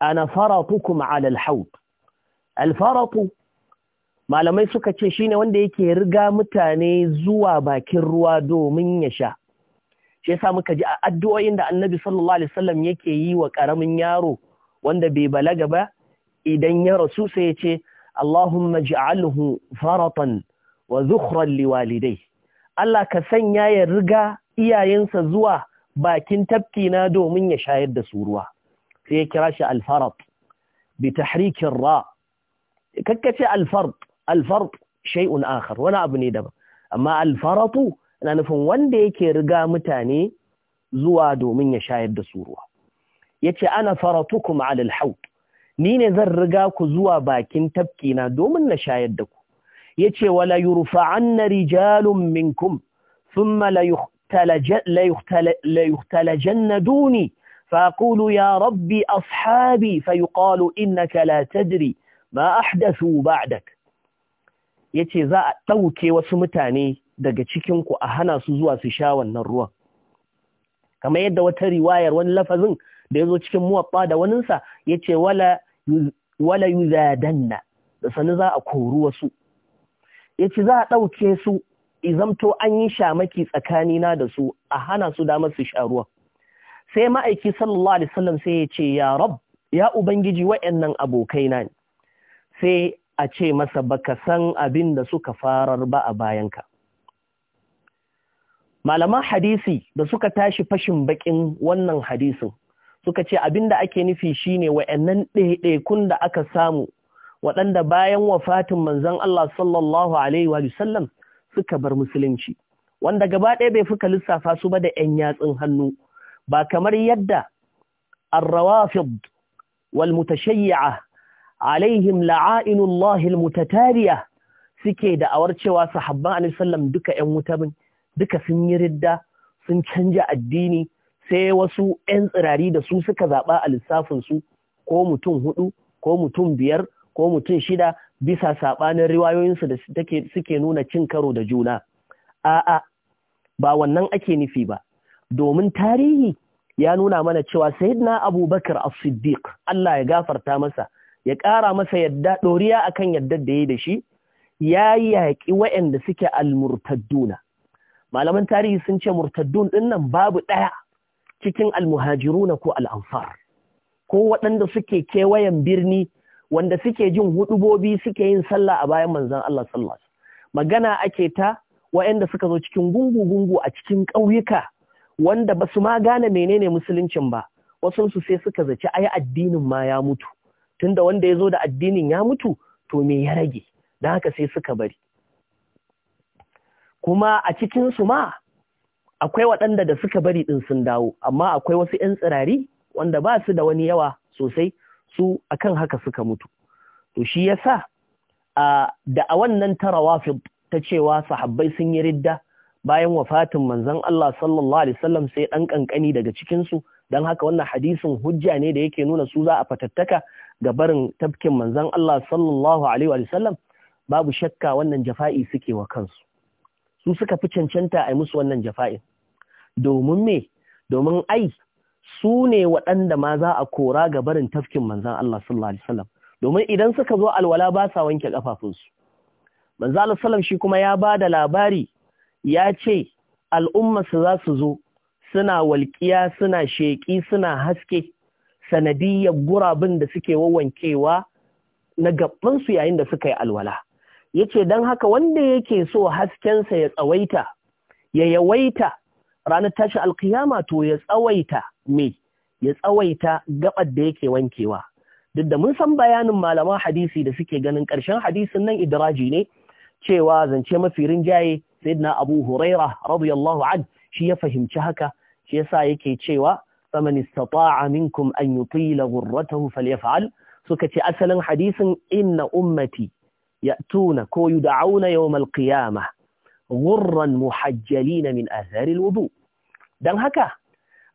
ana faratukum ala alhaud alfaratu malamai suka ce shine wanda yake riga mutane zuwa bakin ruwa domin ya sha shi yasa muka ji a addu'o'in da annabi sallallahu alaihi wasallam yake yi wa karamin yaro wanda bai balaga ba idan ya rasu sai ya ce Allahumma ij'alhu faratan wa zukhran liwalidai Allah ka sanya ya riga iyayensa zuwa bakin tafki na domin ya shayar da su ruwa sai ya kira shi alfarat bi tahrikin ra kakkace alfart alfart shay'un akhar wani abu ne daban amma alfaratu na nufin wanda yake riga mutane zuwa domin ya shayar da su ruwa yace ana faratukum ala alhawd ni ne zan riga ku zuwa bakin tafki na domin na shayar da ku yace wala yurfa'anna rijalun minkum thumma la يختلجن دوني فأقول يا ربي أصحابي فيقال إنك لا تدري ما أحدثوا بعدك yace za a ɗauke wasu mutane daga cikinku a hana su zuwa su sha wannan ruwan kamar yadda wata riwayar wani lafazin da ya zo cikin muwaɓa da waninsa ya ce wala yuzadanna da sani za a kori wasu ya ce za a ɗauke su izamto an yi shamaki tsakanina da su a hana su damar su sha ruwan sai ma'aiki sallallahu alaihi wasallam sai ya ce ya rab ya ubangiji wayannan abokaina ne sai a ce masa baka san abin da suka farar ba a bayanka malaman hadisi da suka tashi fashin bakin wannan hadisin suka ce abin da ake nufi shine wayannan ɗaiɗaikun da aka samu waɗanda bayan wafatin manzon Allah sallallahu alaihi wa sallam suka bar musulunci wanda gaba ɗaya bai fuka lissafa su ba da 'yan yatsun hannu ba kamar yadda الروافض والمتشيعة عليهم لعائن الله المتتالية suke da awar cewa sahabban annabi sallam duka ƴan wuta bin duka sun yi ridda sun canja addini sai wasu ƴan tsirari da su suka zaɓa a lissafin su ko mutum hudu ko mutum biyar ko mutum shida bisa saɓanin riwayoyinsu da suke nuna cin karo da juna a'a ba wannan ake nufi ba domin tarihi ya nuna mana cewa sayyidina abubakar as-siddiq Allah ya gafarta masa ya ƙara masa yadda ɗoriya a kan yadda da ya da shi ya yaƙi waɗanda suke al-murtadduna malaman tarihi sun ce murtaddun ɗin nan babu ɗaya cikin al-muhajiruna ko al-ansar ko waɗanda suke kewayen birni wanda suke jin hudubobi suke yin sallah a bayan manzon Allah sallallahu alaihi magana ake ta waɗanda suka zo cikin gungu-gungu a cikin ƙauyuka wanda ba su ma gane menene musuluncin ba wasu su sai suka zaci ai addinin ma ya mutu tunda wanda ya zo da addinin ya mutu to me ya rage don haka sai suka bari kuma a cikin su ma akwai waɗanda da suka bari ɗin sun dawo amma akwai wasu 'yan tsirari wanda ba su da wani yawa sosai su akan haka suka mutu to shi yasa a da a wannan tarawafin ta cewa sahabbai sun yi ridda bayan wafatin manzon Allah sallallahu alaihi wasallam sai dan kankani daga cikin su dan haka wannan hadisin hujja ne da yake nuna su za a fatattaka ga barin tafkin manzon Allah sallallahu alaihi wasallam babu shakka wannan jafa'i suke wa kansu su suka fi cancanta a musu wannan jafa'i. domin me domin ai su ne waɗanda ma za a kora ga barin tafkin manzon Allah sallallahu alaihi wasallam domin idan suka zo alwala ba sa wanke kafafunsu manzon Allah sallallahu alaihi wasallam shi kuma ya ba da labari ya ce su za su zo suna walƙiya suna sheƙi suna haske sanadiyyar gurabin da suke wawankewa na gabansu yayin da suka yi alwala ya ce don haka wanda yake so haskensa ya tsawaita ya yawaita ranar tashi alkiyama to ya tsawaita me ya tsawaita gabar da yake wankewa duk da mun san bayanin malaman hadisi da suke ganin ƙarshen hadisin nan idraji ne cewa zance mafi rinjaye sayyidina Abu Huraira radiyallahu an shi ya fahimci haka shi yasa yake cewa faman istata'a minkum an yutila ghurratahu falyaf'al suka ce asalin hadisin inna ummati ya'tuna ko yud'auna yawm al-qiyamah ghurran muhajjalin min athari al-wudu dan haka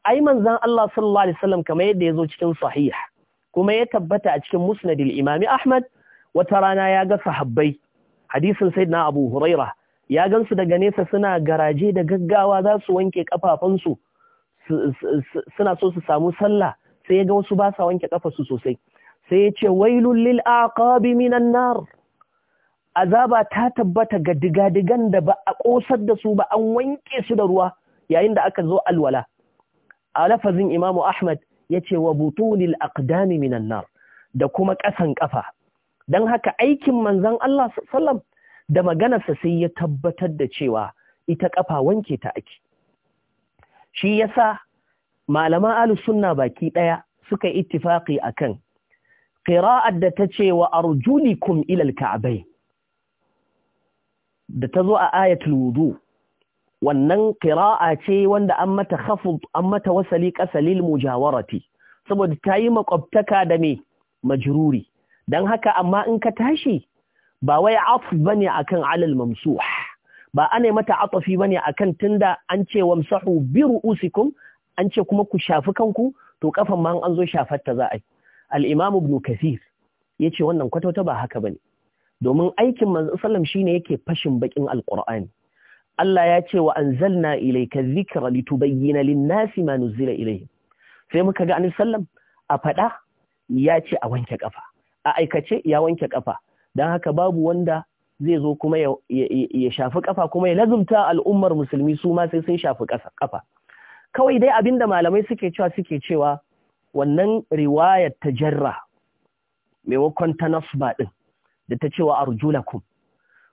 ai manzon Allah sallallahu alaihi wasallam kamar yadda yazo cikin sahih kuma ya tabbata a cikin musnad al-imam Ahmad wata rana ya ga sahabbai hadisin sayyidina Abu huraira. ya gansu daga nesa suna garaje da gaggawa za su wanke kafafansu suna so su samu sallah sai ya ga wasu ba sa wanke kafarsu sosai sai ya ce wailul lil aqabi minan nar azaba ta tabbata ga digadigan da ba a kosar da su ba an wanke su da ruwa yayin da aka zo alwala a lafazin imamu ahmad ya ce wa butulil aqdami minan nar da kuma ƙasan ƙafa don haka aikin manzan Allah sallam da maganarsa sai ya tabbatar da cewa ita kafa wanke ta ake shi yasa malaman alu sunna baki ɗaya, suka ittifaqi kan, qira'at da ta ce wa arjulikum ila da ta zo a ayatul wudu wannan qira'a ce wanda an mata khafud an mata wasali qasalil mujawarati saboda ta yi makwabtaka da mai majruri dan haka amma in ka tashi ba wai af bane akan alal mamsuh ba ana mata atafi bane akan tunda an ce wamsahu bi ru'usikum an ce kuma ku shafi kanku to kafan ma an zo shafar ta za a al-imam ibn kathir yace wannan kwatauta ba haka bane domin aikin manzo sallam shine yake fashin bakin Alƙur'ani. Allah ya ce wa anzalna ilayka dhikra litubayyana lin-nasi ma nuzila ilai. sai muka ga annabi sallam a fada ya ce a wanke kafa a aikace ya wanke kafa don haka babu wanda zai zo kuma ya shafi kafa kuma ya lazumta al'ummar musulmi su ma sai sun shafi kafa kawai dai abin da malamai suke cewa suke cewa wannan riwayar ta jarra maimakon ta nasba ɗin?" da ta cewa arjulakum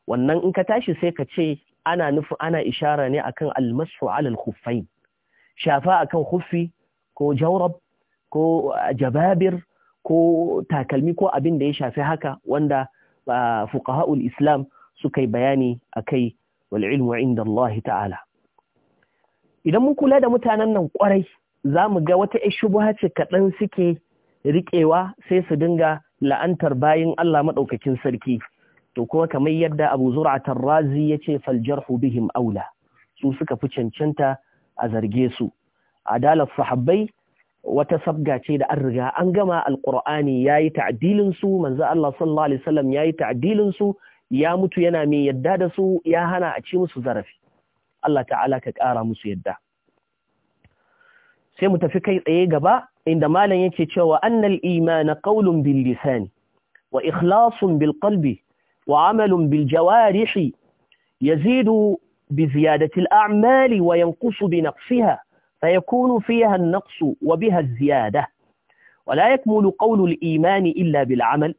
wannan in ka tashi sai ka ce ana nufi ana ishara ne akan almasu alal shafa akan hufi, ko jawrab ko jababir ko takalmi ko abin da ya shafi haka wanda fuqaha'ul islam suka yi bayani a kai, wal ilmu inda Allah ta'ala idan mun kula da mutanen nan kwarai za mu ga wata shubha ce kaɗan suke riƙewa sai su dinga la'antar bayan Allah maɗaukakin sarki to kuma kamar yadda Abu Zur'atar Razi ya ce faljarhu bihim aula su suka fi cancanta a zarge su adalar sahabbai wata sabga ce da an riga an gama alqur'ani yayi ta'dilin su manzo Allah sallallahu alaihi wasallam yayi ta'dilin su ya mutu yana mai yadda da su ya hana a ci musu zarafi Allah ta'ala ka kara musu yadda sai mu tafi kai tsaye gaba inda malam yake cewa annal iman qaulun bil lisan wa ikhlasun bil qalbi wa amalun bil jawarihi yazidu bi ziyadati al a'mali wa yanqusu bi naqsiha فيكون فيها النقص وبها الزيادة ولا يكمل قول الإيمان إلا بالعمل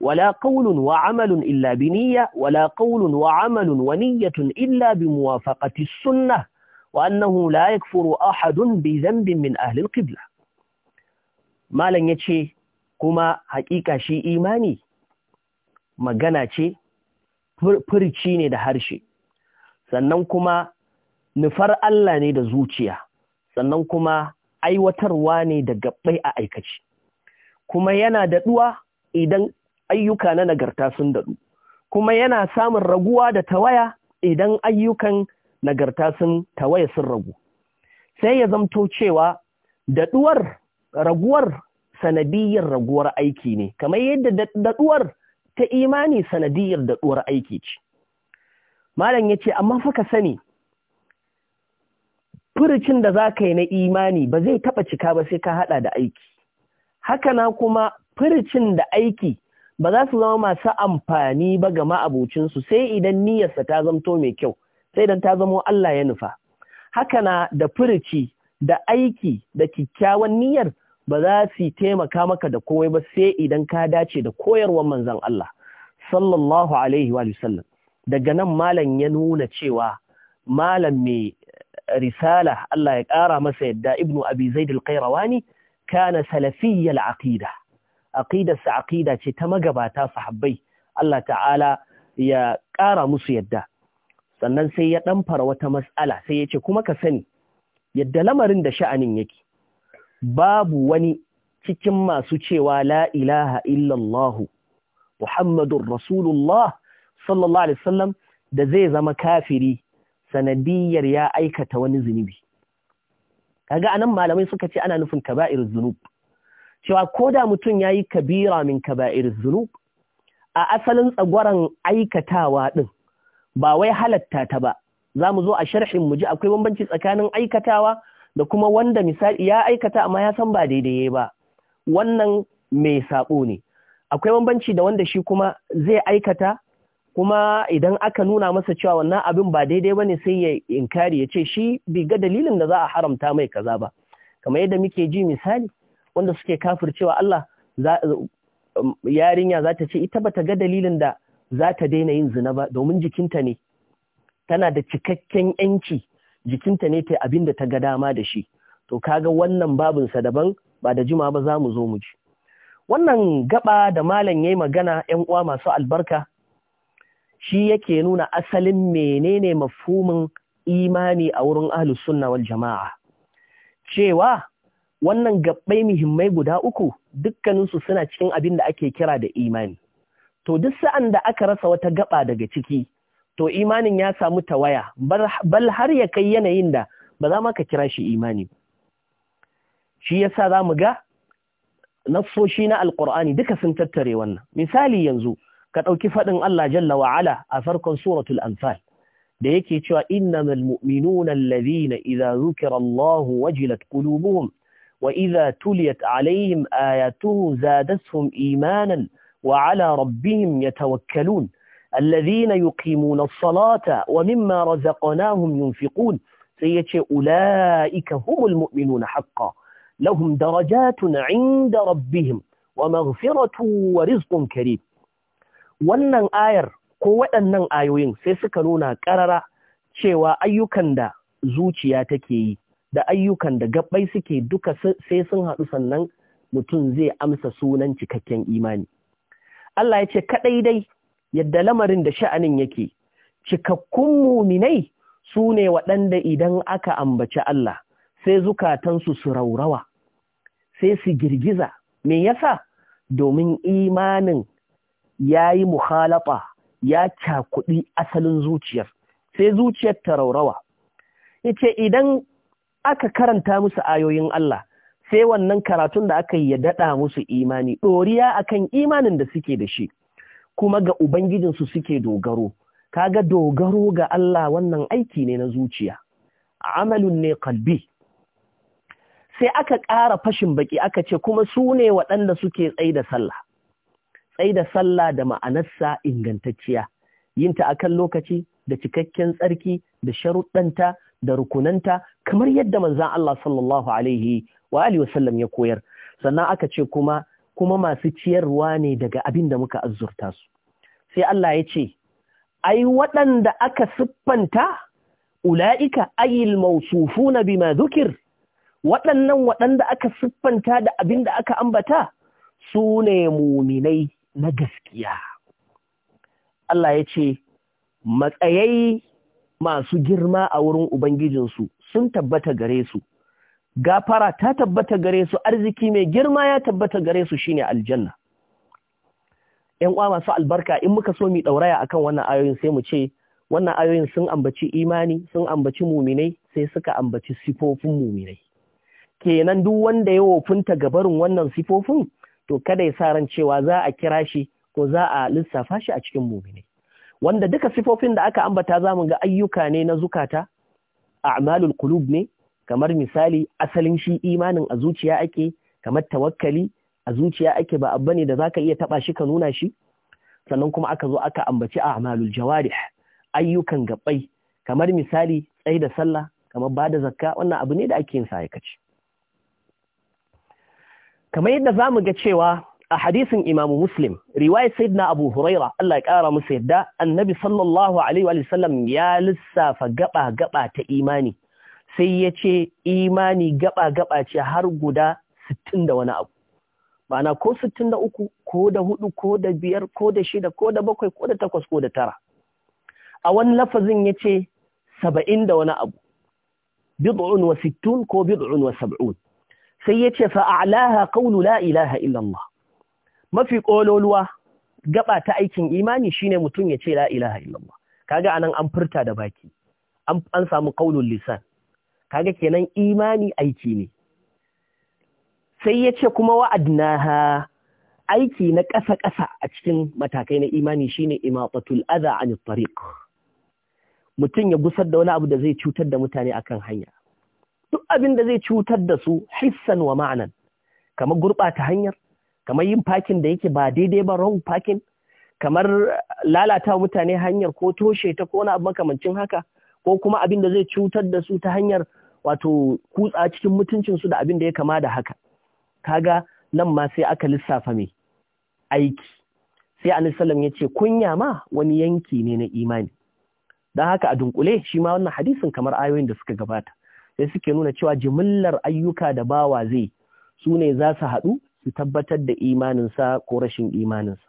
ولا قول وعمل إلا بنية ولا قول وعمل ونية إلا بموافقة السنة وأنه لا يكفر أحد بذنب من أهل القبلة ما لن يتشي كما حقيقة شيء إيماني ما قنا furci فرشيني da harshe sannan kuma nufar Allah sannan kuma aiwatarwa ne da gabbai a aikace kuma yana daɗuwa idan ayyuka na nagarta sun daɗu kuma yana samun raguwa da tawaya idan ayyukan nagarta sun tawaya sun ragu sai ya zamto cewa daɗuwar raguwar sanadiyar raguwar aiki ne kamar yadda daɗuwar ta imani sanadiyar daɗuwar aiki ce malam ya ce amma fuka sani furucin da za ka yi na imani ba zai taɓa cika ba sai ka haɗa da aiki hakana kuma furucin da aiki ba za su zama masu amfani ba ga ma'abocinsu sai idan niyyarsa ta zamto mai kyau sai idan ta zamo Allah ya nufa hakana da furuci da aiki da kyakkyawan niyyar ba za su taimaka maka da komai ba sai idan ka dace da koyarwar manzon Allah sallallahu alaihi Wasallam. daga nan malam ya nuna cewa malam mai risala Allah ya ƙara masa yadda ibnu abi zaid al kana salafiyyal aqida aqidarsa aqida ce ta magabata sahabbai Allah ta'ala ya ƙara musu yadda sannan sai ya ɗamfara wata matsala sai ya ce kuma ka sani yadda lamarin da sha'anin yake babu wani cikin masu cewa la ilaha illallah muhammadun rasulullah sallallahu alaihi wasallam da zai zama kafiri sanadiyar ya aikata wani zunubi kaga anan malamai suka ce ana nufin kaba'ir zunub cewa ko da mutum ya yi kabira min kaba'ir zunub a asalin tsagwaran aikatawa ɗin ba wai halatta ta ba za mu zo a sharhin mu ji akwai bambanci tsakanin aikatawa da kuma wanda misali ya aikata amma ya san ba daidai ba wannan mai saɓo ne akwai bambanci da wanda shi kuma zai aikata kuma idan aka nuna masa cewa wannan abin ba daidai ba bane sai ya inkari ya ce shi bai ga dalilin da za a haramta mai kaza ba kamar yadda muke ji misali wanda suke kafir cewa Allah um, yarinya za ta ce ita bata ga dalilin da za ta daina yin zina ba domin jikinta ne tana da cikakken yanci jikinta ne ta abin da ta ga dama da shi to kaga wannan babinsa daban ba da jima ba za mu zo mu ji wannan gaba da malam yayi magana yan uwa masu albarka shi yake nuna asalin menene mafhumin imani a wurin ahlus sunna wal jama'a cewa wannan gabbai muhimmai guda uku dukkaninsu suna cikin abin da ake kira da imani to duk sa'an da aka rasa wata gaba daga ciki to imanin ya samu tawaya bal har ya kai yanayin da ba za ma ka kira shi imani shi yasa za mu ga nassoshi na Alƙur'ani duka sun tattare wannan misali yanzu ka ɗauki faɗin Allah jalla wa ala a farkon suratul anfal da yake cewa innamal mu'minuna alladhina idza zukira Allah wajilat qulubuhum wa idza tuliyat alaihim ayatuhu zadatuhum imanan wa ala rabbihim yatawakkalun alladhina yuqimuna as-salata wa mimma razaqnahum yunfiqun sai yace ulaika humul mu'minuna haqqan lahum darajatun 'inda rabbihim wa maghfiratun wa rizqun karim wannan ayar ko waɗannan ayoyin sai suka nuna ƙarara cewa ayyukan da zuciya take yi da ayyukan da gabbai suke duka sai sun haɗu sannan mutum zai amsa sunan cikakken imani. Allah ya ce kaɗai dai yadda lamarin da sha'anin yake, cikakkun muminai su ne waɗanda idan aka ambaci Allah sai zukatansu su raurawa, sai su girgiza, me yasa domin imanin ya yi muhalafa ya cakuɗi asalin zuciyar sai zuciyar ta raurawa yace idan aka karanta musu ayoyin Allah sai wannan karatun da aka yi ya daɗa musu imani ɗoriya akan imanin da suke da shi kuma ga ubangijinsu suke dogaro kaga dogaro ga Allah wannan aiki ne na zuciya amalun ne kalbi sai aka ƙara fashin baki aka ce kuma su ne waɗanda suke tsaye da sallah tsai da sallah da ma'anarsa ingantacciya yinta kan lokaci da cikakken tsarki da sharuɗanta da rukunanta kamar yadda manzan Allah sallallahu alaihi wa alihi wasallam ya koyar sannan aka ce kuma kuma masu ciyarwa ne daga abin da muka azurta su sai Allah ya ce ai waɗanda aka siffanta ula'ika ayil na bima dhukir waɗannan waɗanda aka siffanta da abin da aka ambata su ne muminai na gaskiya Allah ya ce matsayai masu girma a wurin Ubangijinsu sun tabbata gare su, gafara ta tabbata gare su, arziki mai girma ya tabbata gare su shine aljanna. ‘Yan uwa masu albarka in muka so mu ɗauraya a kan wannan ayoyin sai mu ce, wannan ayoyin sun ambaci imani, sun ambaci muminai, sai suka ambaci sifofin muminai. Kenan duk wanda ya wofinta gabarin wannan sifofin, to kada ya sa ran cewa za a kira shi ko za a lissafa shi a cikin mumini wanda duka sifofin da aka ambata za mu ga ayyuka ne na zukata a'malul kulub ne kamar misali asalin shi imanin a zuciya ake kamar tawakkali a zuciya ake ba abba ne da zaka iya taɓa shi ka nuna shi sannan kuma aka zo aka ambaci a'malul jawari ayyukan gabbai kamar misali tsayi da sallah kamar bada zakka wannan abu ne da ake yin sa aikaci kamar yadda za mu ga cewa a hadisin imamu muslim riwayat na abu huraira Allah ya kara musu yadda annabi sallallahu alaihi wa sallam ya lissafa gaba gaba ta imani sai ya ce imani gaba gaba ce har guda 60 da wani abu ma'ana ko 63 ko da 4 ko da 5 ko da 6 ko da 7 ko da 8 ko da 9 a wani lafazin ya ce 70 da wani abu bid'un wa 60 ko bid'un wa 70 sai ya ce fa'alaha kaunu la ilaha illallah mafi ƙololuwa gaba ta aikin imani shine mutum ya ce la ilaha illallah kaga anan an furta da baki an samu ƙaulun lisan kaga kenan imani aiki ne sai ya ce kuma wa'adnaha aiki na ƙasa-ƙasa a cikin matakai na imani shine ne adha anit mutum ya gusar da wani abu da zai cutar da mutane akan hanya duk abin da zai cutar da su hissan wa ma'anan kamar gurɓata hanyar kamar yin fakin da yake ba daidai ba wrong fakin kamar lalata mutane hanyar ko toshe ta ko wani abu makamancin haka ko kuma abin da zai cutar da su ta hanyar wato kutsa cikin mutuncinsu da abin da ya kama da haka kaga nan ma sai aka lissafa mai aiki sai anisalam ya ce kunya ma wani yanki ne na imani don haka a dunkule shi ma wannan hadisin kamar ayoyin da suka gabata sai suke nuna cewa jimillar ayyuka da bawa zai su ne za su haɗu su tabbatar da imaninsa ko rashin imaninsa.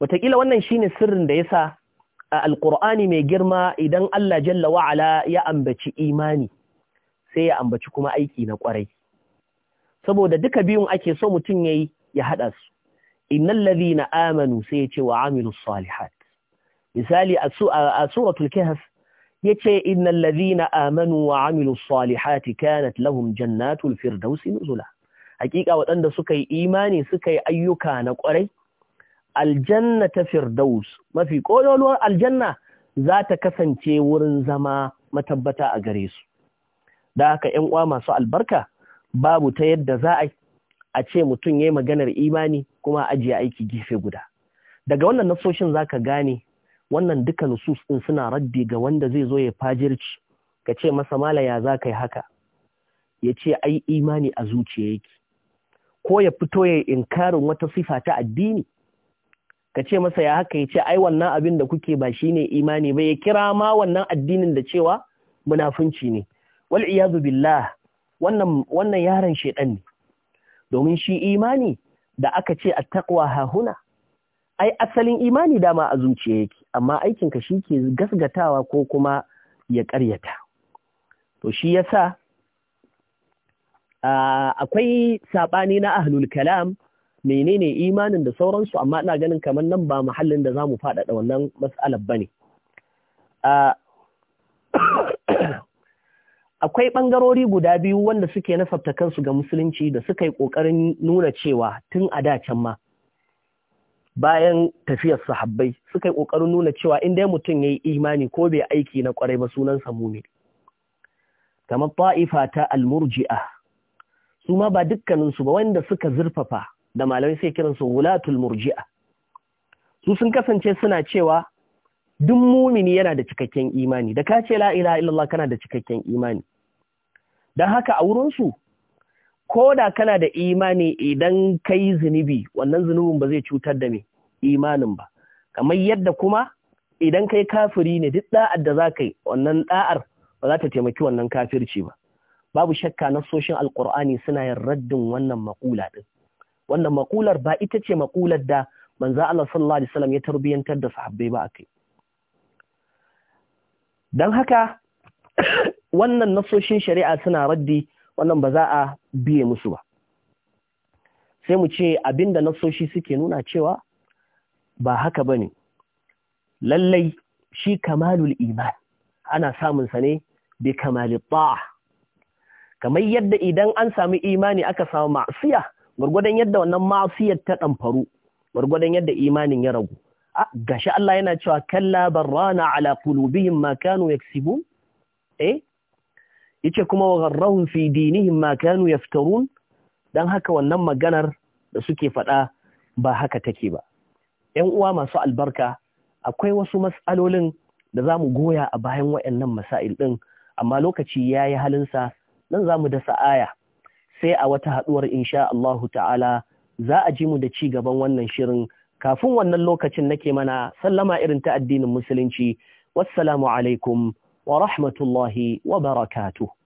Wataƙila wannan shi ne sirrin da ya sa a Alƙur'ani mai girma idan Allah Jalla wa'ala ya ambaci imani sai ya ambaci kuma aiki na ƙwarai. Saboda duka biyun ake so mutum ya yi ya haɗa su, inna lazi na amanu sai ya ce wa amilu salihat. Misali a suratul kehas yace innal na amanu wa amilus salihati kanat lahum jannatul firdausi zula. hakika waɗanda suka yi imani suka yi ayyuka na kwarai. aljanna ta firdaus mafi kololuwar aljanna za ta kasance wurin zama matabbata a gare su da haka 'yan uwa masu albarka babu ta yadda za a a ce mutum ya yi maganar imani kuma ajiye aiki gefe guda daga wannan nasoshin zaka gane wannan duka nusus ɗin suna raddi ga wanda zai zo ya fajirci ka ce masa mala ya za ka yi haka ya ce ai imani a zuciya yake ko ya fito ya inkarin wata sifa ta addini ka ce masa ya haka ya ce ai wannan abin da kuke ba shine imani ba ya kira ma wannan addinin da cewa munafunci ne wal iyazu wannan wannan yaron shedan ne domin shi imani da aka ce ha hahuna ai asalin imani dama a zuciya yake amma aikinka shi ke gasgatawa ko kuma ya ƙaryata to shi yasa ah, akwai saɓani na ahlul kalam menene imanin da sauransu amma ina ganin kamar nan ba muhallin da za mu faɗaɗa wannan matsalar ba ne ah, akwai ɓangarori guda biyu wanda suke nasabta kansu ga musulunci da suka yi ƙoƙarin nuna cewa tun a da can ma bayan tafiyar sahabbai suka yi ƙoƙarin nuna cewa in dai mutum ya yi imani ko bai aiki na ƙwarai ba sunansa ne. kamar ta'ifa ta almurji'a su ma ba dukkaninsu ba wanda suka zurfafa da malamai sai kiran kiransu wulatul murji'a su sun kasance suna cewa duk mumini yana da cikakken imani da ka ce la ilaha illallah kana da cikakken imani don haka a wurinsu ko da kana da imani idan kai zunubi wannan zunubin ba zai cutar da me imanin ba kamar yadda kuma idan kai kafiri ne duk da'ar da za ka yi wannan da'ar ba za ta taimaki wannan kafirci ba babu shakka soshin alkur'ani suna yin raddin wannan makula din wannan makular ba ita ce makular da manzo Allah sallallahu alaihi wasallam ya tarbiyantar da sahabbai ba akai dan haka wannan nasoshin shari'a suna raddi wannan ba za a biye musu ba sai mu ce abinda nasoshi suke nuna cewa ba haka bane lallai shi kamalul iman ana samunsa ne bi kamali ta'a kamar yadda idan an sami imani aka samu ma'asiya gwargwadon yadda wannan ma'asiyar ta ɗanfaru, gwargwadon yadda imanin ya ragu a gashi Allah yana cewa kalla barrana ala qulubihim makano ya eh yace kuma wa gharrahum fi dinihim ma kanu yaftarun dan haka wannan maganar da suke faɗa ba haka take ba ƴan uwa masu albarka akwai wasu mas'alolin da zamu goya a bayan waɗannan masail din amma lokaci yayi halinsa nan zamu dasa aya sai a wata haduwar insha Allahu ta'ala za a ji mu da ci gaban wannan shirin kafin wannan lokacin nake mana sallama irin ta addinin musulunci wassalamu alaikum ورحمة الله وبركاته